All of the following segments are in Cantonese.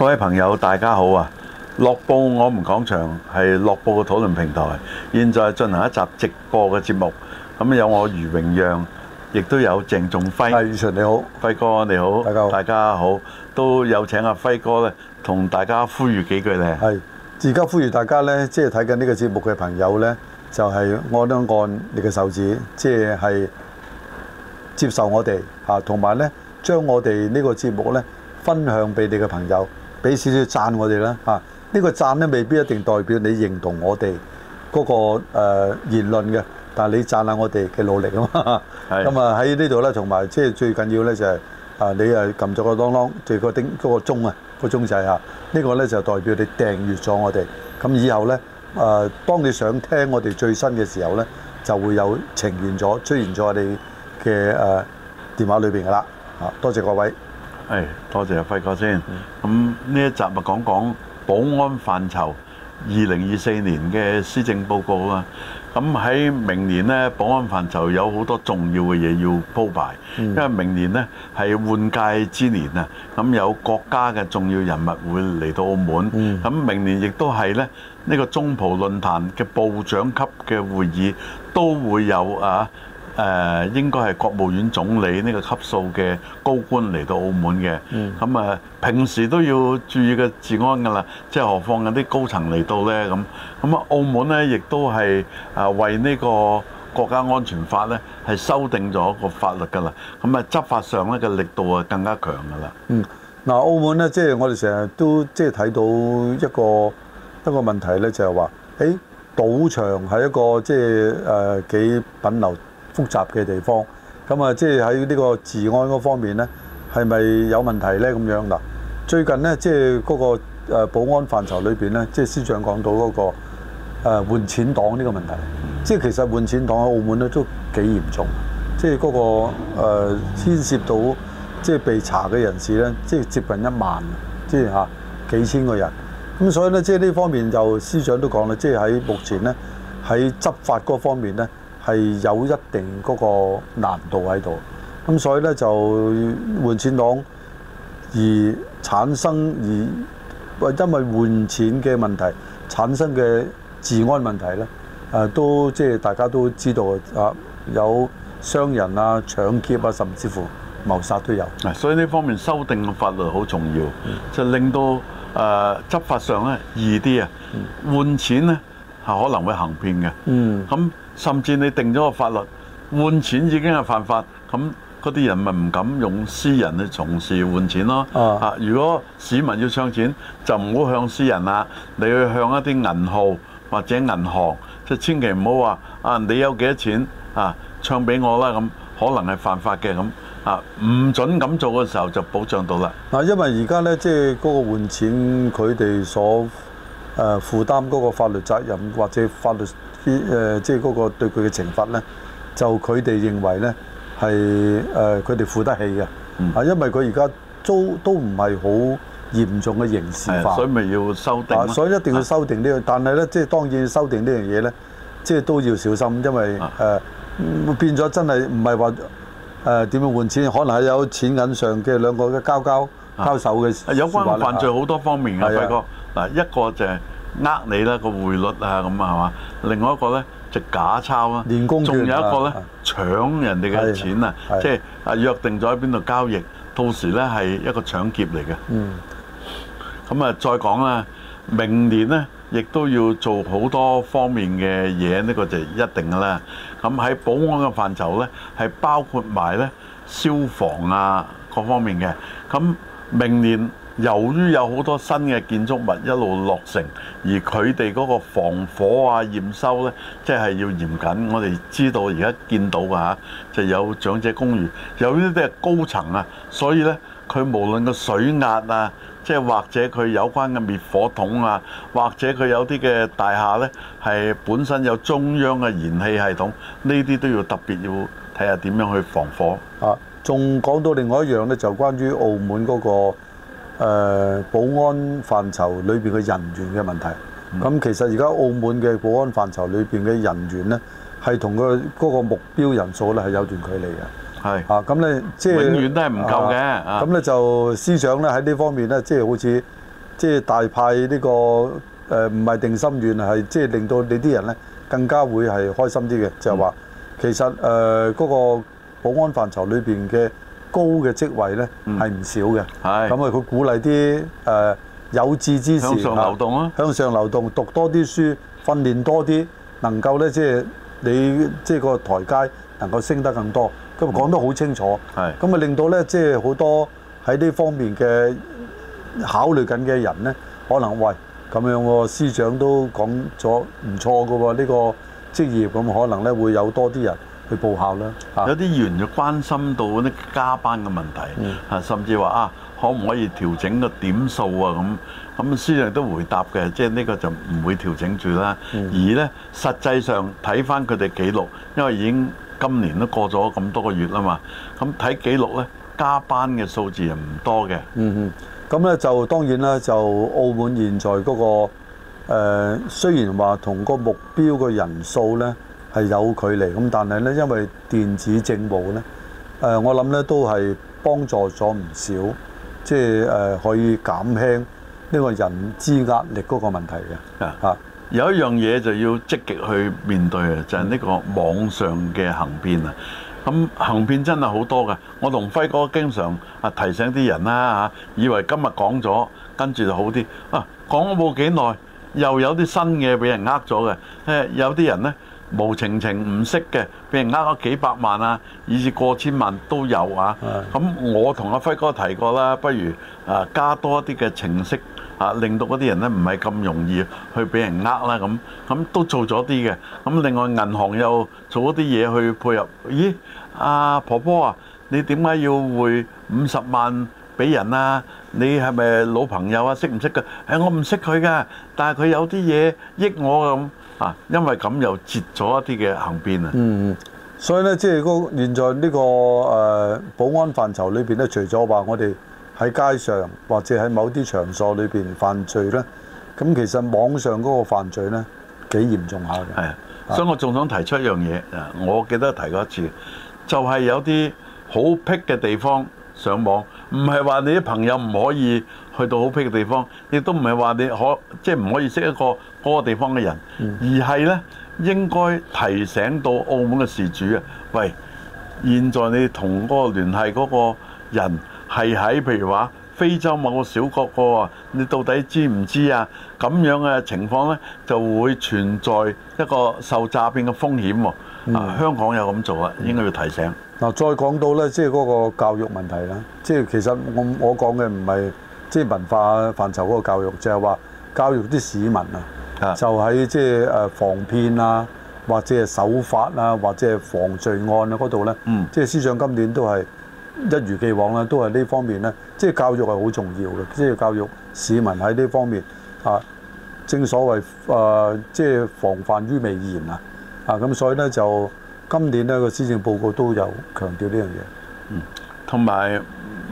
各位朋友，大家好啊！《樂報我們講場》，係《樂報》嘅討論平台。現在進行一集直播嘅節目。咁有我余榮讓，亦都有鄭仲輝。阿宇淳你好，輝哥你好，大家好，都有請阿輝哥咧，同大家呼籲幾句咧。係，而家呼籲大家咧，即係睇緊呢個節目嘅朋友咧，就係按一按你嘅手指，即係接受我哋嚇，同埋咧將我哋呢個節目咧分享俾你嘅朋友。俾少少讚我哋啦，啊呢個讚咧未必一定代表你認同我哋嗰個誒言論嘅，但係你讚下我哋嘅努力啊嘛，咁啊喺呢度咧，同埋即係最緊要咧就係啊你啊撳咗個當當最個頂嗰個鐘啊，個鐘掣啊，呢個咧就代表你訂閲咗我哋，咁以後咧啊當你想聽我哋最新嘅時候咧，就會有呈現咗出現咗我哋嘅誒電話裏邊噶啦，啊多謝各位。誒，多謝阿輝哥先。咁呢一集咪講講保安範疇二零二四年嘅施政報告啊。咁喺明年呢，保安範疇有好多重要嘅嘢要鋪排，因為明年呢係換屆之年啊。咁有國家嘅重要人物會嚟到澳門。咁明年亦都係呢，呢個中葡論壇嘅部長級嘅會議都會有啊。誒、呃、應該係國務院總理呢個級數嘅高官嚟到澳門嘅，咁、嗯、啊平時都要注意個治安噶啦，即係何況有啲高層嚟到咧咁。咁啊澳門咧亦都係誒為呢個國家安全法咧係修訂咗個法律噶啦，咁啊執法上咧嘅力度啊更加強噶啦。嗯，嗱澳門咧即係我哋成日都即係睇到一個一個問題咧，就係話誒賭場係一個即係誒幾品流複雜嘅地方，咁啊，即係喺呢個治安嗰方面咧，係咪有問題咧？咁樣嗱，最近咧，即係嗰個保安範疇裏邊咧，即係司長講到嗰個誒換錢黨呢個問題，即係其實換錢黨喺澳門咧都幾嚴重，即係嗰個誒牽涉到即係被查嘅人士咧，即係接近一萬，即係嚇幾千個人，咁所以咧，即係呢方面就司長都講啦，即係喺目前咧喺執法嗰方面咧，係有一定嗰個難度喺度，咁所以咧就換錢黨而產生而因為換錢嘅問題產生嘅治安問題咧，誒都即係大家都知道啊，有傷人啊、搶劫啊，甚至乎謀殺都有。啊，所以呢方面修訂嘅法律好重要，嗯、就令到誒、呃、執法上咧易啲啊。換錢咧係可能會行騙嘅，咁、嗯。甚至你定咗個法律換錢已經係犯法，咁嗰啲人咪唔敢用私人去從事換錢咯。啊，啊，如果市民要唱錢，就唔好向私人啦，你去向一啲銀號或者銀行，即千祈唔好話啊，你有幾多錢啊，唱俾我啦咁，啊，可能係犯法嘅咁啊，唔、啊、準咁做嘅時候就保障到啦。嗱、啊，因為而家呢，即係嗰個換錢佢哋所誒、呃、負擔嗰個法律責任或者法律。啲即係嗰個對佢嘅懲罰咧，就佢哋認為咧係誒佢哋負得起嘅，啊，因為佢而家租都唔係好嚴重嘅刑事法，所以咪要修訂、啊。所以一定要修訂呢個，但係咧即係當然修訂呢樣嘢咧，即、就、係、是、都要小心，因為誒、啊啊、變咗真係唔係話誒點樣換錢，可能係有錢銀上嘅兩個嘅交，交交交手嘅、啊，有關犯罪好多方面嘅，大嗱的、啊啊、一個就係、是。呃你啦，個匯率啊，咁啊係嘛？另外一個咧就假鈔啦，仲有一個咧搶人哋嘅錢啊！即係啊約定咗喺邊度交易，到時咧係一個搶劫嚟嘅。嗯。咁啊，再講啦，明年咧亦都要做好多方面嘅嘢，呢個就一定㗎啦。咁喺保安嘅範疇咧，係包括埋咧消防啊各方面嘅。咁明年。由於有好多新嘅建築物一路落成，而佢哋嗰個防火啊驗收呢，即係要嚴謹。我哋知道而家見到，就有長者公寓，有啲高層啊，所以呢，佢無論個水壓啊，或者佢有關嘅滅火筒啊，或者佢有啲嘅大廈呢，係本身有中央嘅燃氣系統，呢啲都要特別要睇下點樣去防火。仲講到另外一樣呢，就關於澳門嗰個誒、呃、保安範疇裏邊嘅人員嘅問題，咁、嗯、其實而家澳門嘅保安範疇裏邊嘅人員呢，係同佢嗰個目標人數呢係有段距離嘅。係是啊，咁呢，即、就、係、是、永遠都係唔夠嘅。咁、啊啊、呢，就思想呢喺呢方面呢，即、就、係、是、好似即係大派呢、這個誒，唔、呃、係定心丸，係即係令到你啲人呢更加會係開心啲嘅，就係、是、話、嗯、其實誒嗰、呃那個保安範疇裏邊嘅。高嘅職位呢係唔、嗯、少嘅，咁啊佢鼓勵啲誒有志之士向上流動啊，向上流動，讀多啲書，訓練多啲，能夠呢，即係你即係個台階能夠升得更多。咁講、嗯、得好清楚，咁啊是令到呢，即係好多喺呢方面嘅考慮緊嘅人呢，可能喂咁、哎、樣喎，司長都講咗唔錯嘅喎，呢、這個職業咁可能呢會有多啲人。去報效啦，有啲員就關心到呢加班嘅問題，啊、嗯，甚至話啊，可唔可以調整個點數啊？咁咁，司長都回答嘅，即係呢個就唔會調整住啦。嗯、而咧，實際上睇翻佢哋記錄，因為已經今年都過咗咁多個月啦嘛，咁睇記錄咧，加班嘅數字又唔多嘅。嗯嗯，咁咧就當然啦，就澳門現在嗰、那個誒、呃，雖然話同個目標嘅人數咧。係有距離咁，但係呢，因為電子政務呢，誒、呃，我諗呢都係幫助咗唔少，即係誒、呃、可以減輕呢個人資壓力嗰個問題嘅。啊，有一樣嘢就要積極去面對嘅，就係、是、呢個網上嘅行騙啊！咁行騙真係好多嘅。我同輝哥經常啊提醒啲人啦嚇、啊，以為今日講咗，跟住就好啲啊，講咗冇幾耐，又有啲新嘅俾人呃咗嘅。有啲人呢。無情情唔識嘅，俾人呃咗幾百萬啊，以至過千萬都有啊。咁我同阿輝哥提過啦，不如啊加多啲嘅程式啊，令到嗰啲人咧唔係咁容易去俾人呃啦。咁咁都做咗啲嘅。咁另外銀行又做一啲嘢去配合。咦，阿婆婆啊，你點解要匯五十萬俾人啊？你係咪老朋友啊？識唔識㗎？欸，我唔識佢㗎，但係佢有啲嘢益我咁。啊，因為咁又截咗一啲嘅行邊啊。嗯嗯，所以咧，即係嗰現在呢、這個誒、呃、保安範疇裏邊咧，除咗話我哋喺街上或者喺某啲場所裏邊犯罪咧，咁其實網上嗰個犯罪咧幾嚴重下嘅。係的的所以我仲想提出一樣嘢啊，我記得提過一次，就係、是、有啲好僻嘅地方上網，唔係話你啲朋友唔可以去到好僻嘅地方，亦都唔係話你可即係唔可以識一個。嗰個地方嘅人，而係呢應該提醒到澳門嘅事主啊！喂，現在你同嗰個聯繫嗰個人係喺譬如話非洲某個小國個喎，你到底知唔知啊？咁樣嘅情況呢，就會存在一個受詐騙嘅風險喎。嗯、啊，香港有咁做啊，應該要提醒。嗱、嗯嗯，再講到呢，即係嗰個教育問題啦。即係其實我我講嘅唔係即係文化範疇嗰個教育，就係話教育啲市民啊。就喺即係誒防騙啊，或者係守法啊，或者係防罪案啊嗰度咧，即係，嗯，思想今年都係一如既往啦，啊，都係呢方面咧，即係教育係好重要嘅，即係教育市民喺呢方面啊，正所謂誒即係防範於未然啊，啊咁所以咧就今年咧個施政報告都有強調呢樣嘢，嗯，同埋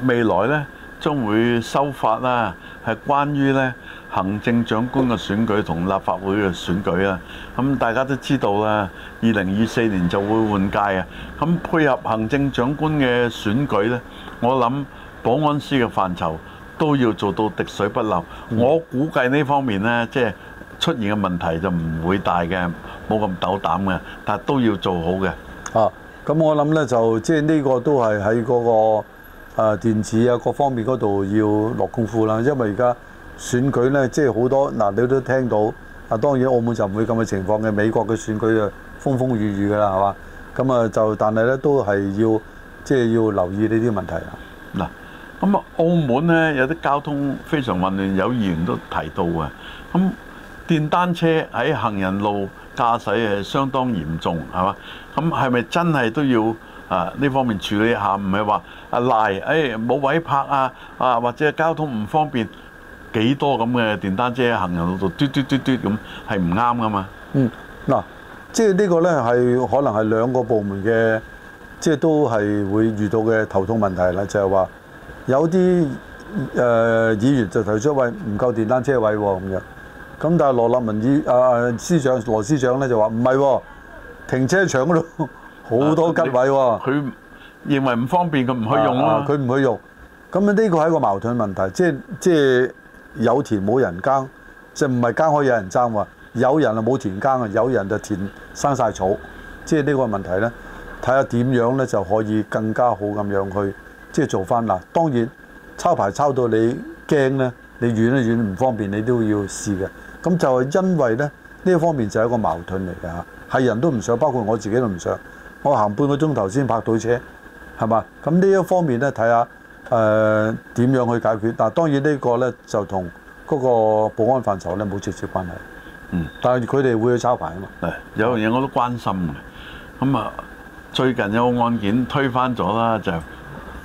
未來咧將會修法啦，啊，係關於咧。行政長官嘅選舉同立法會嘅選舉啦，咁大家都知道啦，二零二四年就會換屆啊。咁配合行政長官嘅選舉呢，我諗保安司嘅範疇都要做到滴水不漏。我估計呢方面呢，即係出現嘅問題就唔會大嘅，冇咁斗膽嘅，但係都要做好嘅。哦、啊，咁我諗呢，就即係呢個都係喺嗰個啊電子啊各方面嗰度要落功夫啦，因為而家。選舉呢，即係好多嗱，你都聽到啊。當然，澳門就唔會咁嘅情況嘅。美國嘅選舉就風風雨雨㗎啦，係嘛？咁啊，就但係咧，都係要即係要留意呢啲問題啊。嗱，咁啊，澳門呢，有啲交通非常混亂，有議員都提到嘅。咁電單車喺行人路駕駛係相當嚴重，係嘛？咁係咪真係都要啊？呢方面處理一下，唔係話啊賴誒冇、哎、位泊啊啊，或者交通唔方便。幾多咁嘅電單車行入去度嘟嘟嘟嘟咁，係唔啱噶嘛？嗯，嗱，即係呢個咧係可能係兩個部門嘅，即係都係會遇到嘅頭痛問題啦。就係、是、話有啲誒、呃、議員就提出話唔夠電單車位喎咁樣，咁但係羅立文議啊司長羅司長咧就話唔係喎，停車場嗰度好多吉位喎，佢、啊、認為唔方便佢唔去用咯、啊，佢唔去用，咁呢個係一個矛盾問題，即係即係。有田冇人耕，即唔係耕可有人爭喎？有人啊冇田耕啊，有人就田生晒草，即係呢個問題呢，睇下點樣呢就可以更加好咁樣去即係做翻啦。當然，抄牌抄到你驚呢，你遠都遠唔方便，你都要試嘅。咁就係因為呢，呢一方面就係一個矛盾嚟嘅吓，係人都唔想，包括我自己都唔想，我行半個鐘頭先拍到車，係嘛？咁呢一方面呢，睇下。誒點、呃、樣去解決？嗱、啊，當然呢個呢，就同嗰個保安範疇呢冇直接關係。嗯。但係佢哋會去抄牌啊嘛。嗯、有樣嘢我都關心嘅。咁、嗯、啊，最近有個案件推翻咗啦，就係、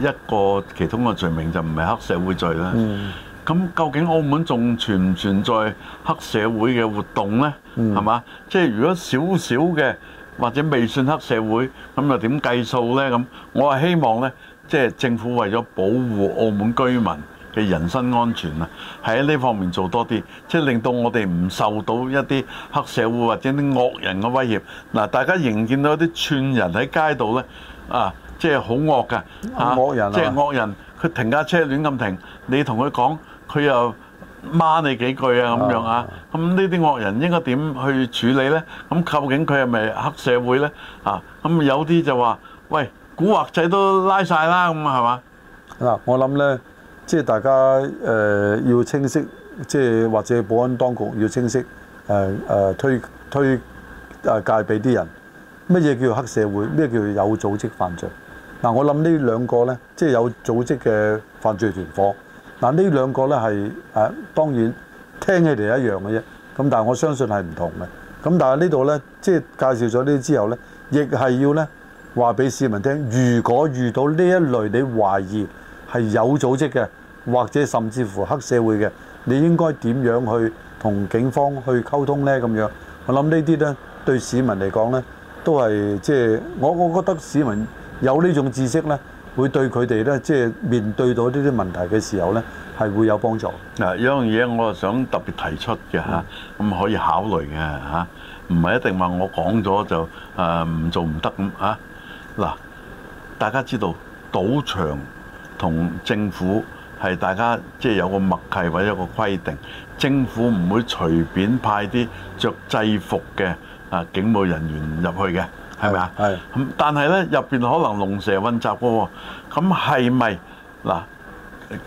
是、一個其中個罪名就唔係黑社會罪啦。咁、嗯、究竟澳門仲存唔存在黑社會嘅活動呢？嗯。係嘛？即係如果少少嘅或者未算黑社會，咁又點計數呢？咁我係希望呢。即係政府為咗保護澳門居民嘅人身安全啊，喺呢方面做多啲，即係令到我哋唔受到一啲黑社會或者啲惡人嘅威脅。嗱、啊，大家仍見到啲串人喺街度咧，啊，即係好惡㗎，啊，惡人啊，即係惡人，佢停架車亂咁停，你同佢講，佢又罵你幾句啊咁樣啊。咁呢啲惡人應該點去處理咧？咁究竟佢係咪黑社會咧？啊，咁有啲就話，喂，古惑仔都拉曬啦，咁啊，係嘛？嗱，我諗咧，即係大家誒要清晰，即係或者保安當局要清晰誒誒推推誒介俾啲人。乜嘢叫黑社會？咩叫有組織犯罪？嗱，我諗呢兩個咧，即係有組織嘅犯罪團伙。嗱，呢兩個咧係誒，當然聽起嚟一樣嘅啫。咁但係我相信係唔同嘅。咁但係呢度咧，即係介紹咗呢啲之後咧，亦係要咧。話俾市民聽，如果遇到呢一類你懷疑係有組織嘅，或者甚至乎黑社會嘅，你應該點樣去同警方去溝通呢？咁樣我諗呢啲呢，對市民嚟講呢，都係即係我我覺得市民有呢種知識呢，會對佢哋呢，即係面對到呢啲問題嘅時候呢，係會有幫助。嗱，有樣嘢我係想特別提出嘅嚇，咁可以考慮嘅嚇，唔係一定話我講咗就誒唔做唔得咁嚇。嗱，大家知道賭場同政府係大家即係、就是、有個默契或者一個規定，政府唔會隨便派啲着制服嘅啊警務人員入去嘅，係咪啊？係是是。咁但係咧入邊可能龍蛇混雜嘅喎，哦，咁係咪嗱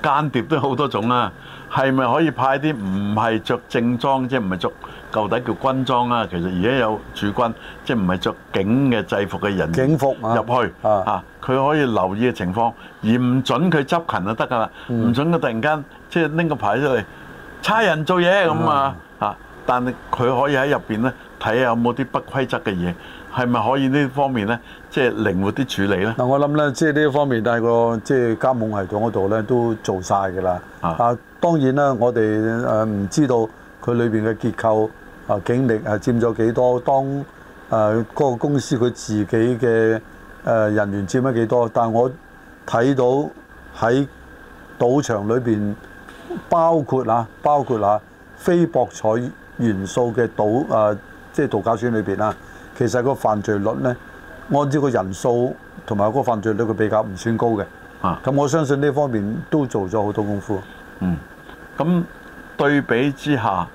間諜都好多種啊？係咪可以派啲唔係着正裝即係唔係著就是到底叫軍裝啊？其實而家有駐軍，即係唔係着警嘅制服嘅人警服入去啊？佢、啊、可以留意嘅情況，而唔準佢執勤就得㗎啦。唔、嗯、準佢突然間即係拎個牌出嚟差人做嘢咁啊！嗯、啊，但係佢可以喺入邊咧睇下有冇啲不規則嘅嘢，係咪可以呢方面咧即係靈活啲處理咧？嗱，我諗咧，即係呢方面，但係、個即係、即係、監控系統嗰度咧都做晒㗎啦。係啊，當然啦，我哋誒唔知道佢裏邊嘅結構。啊，警力係佔咗幾多？當誒嗰、呃那個公司佢自己嘅誒人員佔咗幾多？但係我睇到喺賭場裏邊、啊，包括啊，包括啊，非博彩元素嘅賭誒、啊，即係度假村裏邊啊，其實個犯罪率咧，按照個人數同埋嗰個犯罪率嘅比較，唔算高嘅。啊，咁我相信呢方面都做咗好多功夫。嗯，咁對比之下。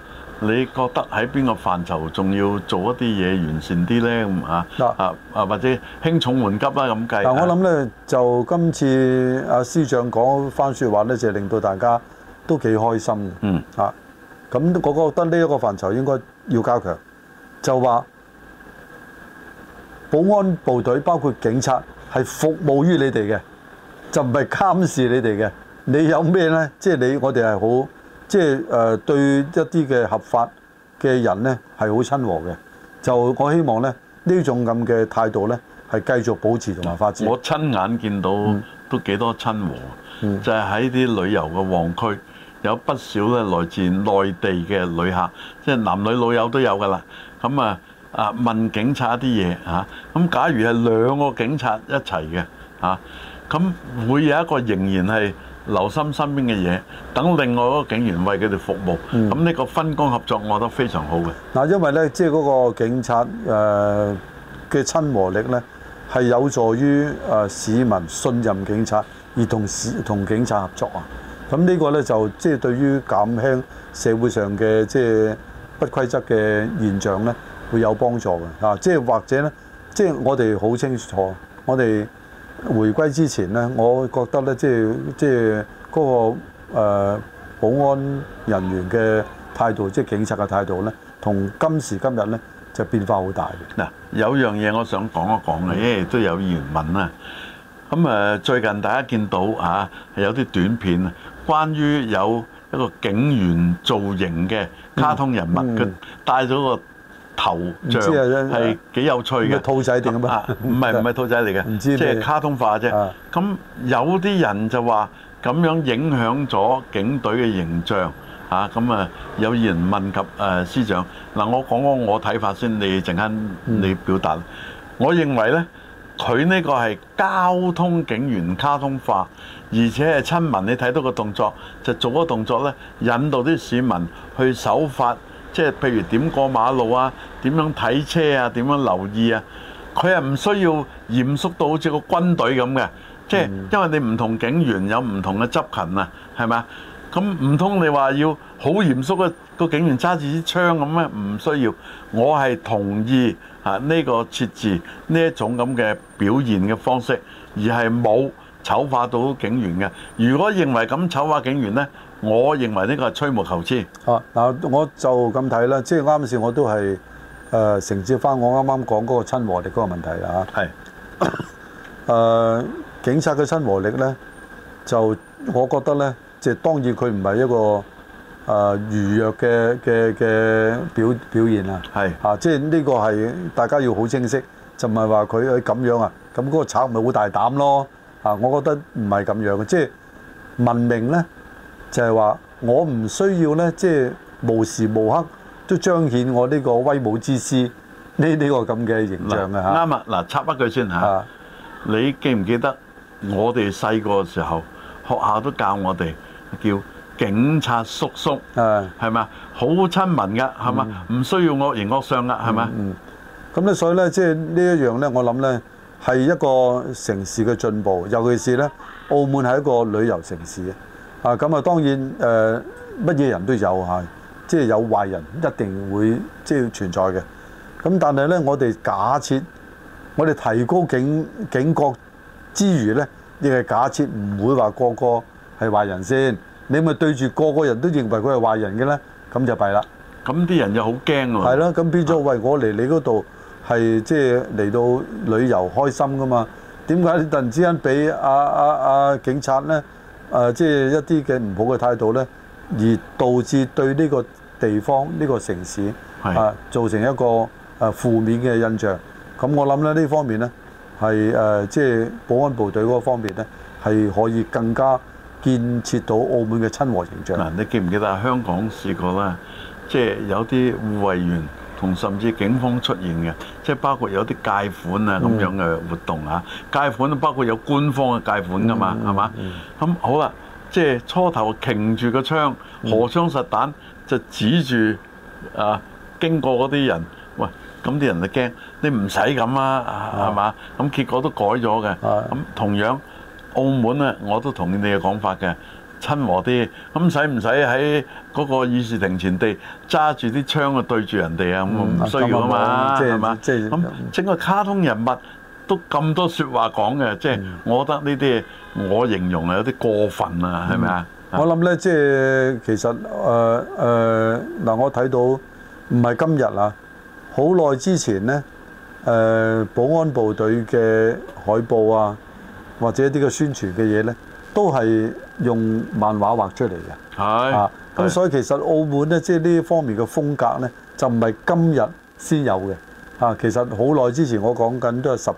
你覺得喺邊個範疇仲要做一啲嘢完善啲咧咁啊？啊啊或者輕重緩急啦咁計。嗱、啊、我諗咧就今次阿司長講翻説話咧，就係令到大家都幾開心嘅。嗯啊，咁我覺得呢一個範疇應該要加強，就話保安部隊包括警察係服務於你哋嘅，就唔係監視你哋嘅。你有咩咧？即係你我哋係好。即係誒對一啲嘅合法嘅人呢係好親和嘅，就我希望呢，呢種咁嘅態度呢係繼續保持同埋發展。我親眼見到、嗯、都幾多親和，嗯、就係喺啲旅遊嘅旺區，有不少呢來自內地嘅旅客，即、就、係、是、男女老幼都有㗎啦。咁啊啊問警察一啲嘢嚇，咁、啊、假如係兩個警察一齊嘅嚇，咁、啊、會有一個仍然係。留心身邊嘅嘢，等另外一個警員為佢哋服務。咁呢、嗯、個分工合作，我覺得非常好嘅。嗱、嗯，因為呢，即係嗰個警察誒嘅、呃、親和力呢，係有助於誒、呃、市民信任警察而同市同警察合作啊。咁呢個呢，就即係、就是、對於減輕社會上嘅即係不規則嘅現象呢，會有幫助嘅。啊，即、就、係、是、或者呢，即、就、係、是、我哋好清楚，我哋。回歸之前咧，我覺得咧，即係即係嗰、嗰個、呃、保安人員嘅態度，即係警察嘅態度咧，同今時今日咧就變化好大嘅。嗱、嗯，有樣嘢我想講一講嘅，誒都有原文啦。咁、嗯、誒最近大家見到啊，有啲短片啊，關於有一個警員造型嘅卡通人物佢帶咗個嗯嗯頭像係幾有趣嘅、啊、兔仔定咁唔係唔係兔仔嚟嘅，即係卡通化啫。咁、啊、有啲人就話咁樣影響咗警隊嘅形象啊！咁啊，有議員問及誒司長嗱，我講講我睇法先，你陣間你表達。嗯、我認為呢，佢呢個係交通警員卡通化，而且係親民。你睇到個動作，就做嗰個動作呢，引導啲市民去守法。即係譬如點過馬路啊，點樣睇車啊，點樣留意啊，佢係唔需要嚴肅到好似個軍隊咁嘅。即係因為你唔同警員有唔同嘅執勤啊，係咪？咁唔通你話要好嚴肅嘅個警員揸住支槍咁、啊、咩？唔需要。我係同意啊呢個設置呢一種咁嘅表現嘅方式，而係冇醜化到警員嘅。如果認為咁醜化警員呢？我認為呢個係吹毛求疵啊！嗱，我就咁睇啦，即係啱先我都係誒承接返我啱啱講嗰個親和力嗰個問題啊。係誒，警察嘅親和力咧，就我覺得咧，即係當然佢唔係一個誒逾弱嘅嘅嘅表表現啊。係啊，即係呢個係大家要好清晰，就唔係話佢咁樣啊，咁嗰個賊咪好大膽咯啊！我覺得唔係咁樣嘅，即係文明咧。就係話我唔需要咧，即係無時無刻都彰顯我呢個威武之師呢呢個咁嘅形象嘅嚇。啱啊，嗱插一句先嚇，你記唔記得我哋細個時候學校都教我哋叫警察叔叔，係咪？好親民嘅係嘛？唔需要惡形惡相嘅係咪？咁咧所以咧，即係呢一樣咧，我諗咧係一個城市嘅進步，尤其是咧澳門係一個旅遊城市。啊，咁啊，當然誒，乜嘢人都有係，即係有壞人一定會即係存在嘅。咁但係咧，我哋假設，我哋提高警警覺之餘咧，亦係假設唔會話個個係壞人先。你咪對住個個人都認為佢係壞人嘅咧，咁就弊啦。咁啲人就好驚喎。係咯，咁變咗，喂，我嚟你嗰度係即係嚟到旅遊開心噶嘛？點解你突然之間俾啊啊啊警察咧？誒，即係一啲嘅唔好嘅態度呢，而導致對呢個地方、呢、呢個城市是的 啊，造成一個誒、啊、負面嘅印象。咁、嗯、我諗咧，呢方面呢，係誒，即、啊、係、就是、保安部隊嗰方面呢，係可以更加建設到澳門嘅親和形象。嗱、啊，你記唔記得香港試過啦？即、就、係、是、有啲護衞員。同甚至警方出現嘅，即係包括有啲解款啊咁樣嘅活動嚇，解款都、嗯、包括有官方嘅解款㗎嘛，係嘛？咁好啦，即係初頭擎住個槍，荷槍實彈就指住啊經過嗰啲人，喂，咁啲人就驚，你唔使咁啊，係嘛、嗯？咁結果都改咗嘅，咁同樣澳門啊，我都同意你嘅講法嘅。親和啲，咁使唔使喺嗰個議事亭前地揸住啲槍啊，對住人哋、嗯、啊？咁唔需要噶嘛，即係嘛？即咁、即係即係、整個卡通人物都咁多説話講嘅，即係、嗯、我覺得呢啲我形容係有啲過分啊，係咪啊？我諗咧，即係其實誒誒嗱，我睇到唔係今日啊，好耐之前咧，誒、呃、保安部隊嘅海報啊，或者啲嘅宣傳嘅嘢咧。都係用漫畫畫出嚟嘅，係是啊，咁所以其實澳門咧，是的 即係呢方面嘅風格咧，就唔係今日先有嘅，啊，其實好耐之前我講緊都係十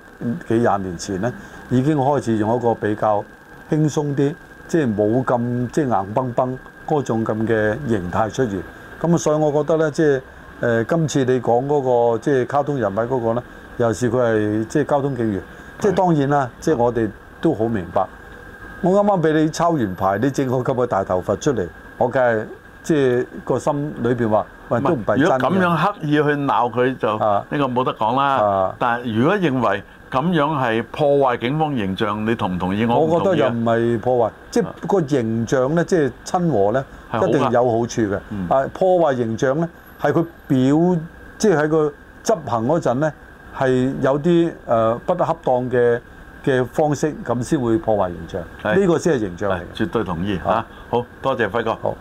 幾廿年前咧，已經開始用一個比較輕鬆啲，即係冇咁即係硬崩崩嗰種咁嘅形態出現。咁啊，所以我覺得咧，即係誒、呃、今次你講嗰、那個即係卡通人物嗰個咧，尤其是佢係即係交通警員，是的 即係當然啦，即係、嗯、我哋都好明白。我啱啱俾你抄完牌，你正好給佢大頭佛出嚟，我梗係即係個心裏邊話，喂，都唔係真。如果咁樣刻意去鬧佢就呢個冇得講啦。但係如果認為咁樣係破壞警方形象，你同唔同意我？我覺得又唔係破壞，即係個形象咧，即係親和咧，一定有好處嘅。啊，破壞形象咧，係佢表即係喺佢執行嗰陣咧，係有啲誒不得恰當嘅。嘅方式咁先會破壞形象，呢是個先係形象。絕對同意吓。啊、好多謝輝哥。好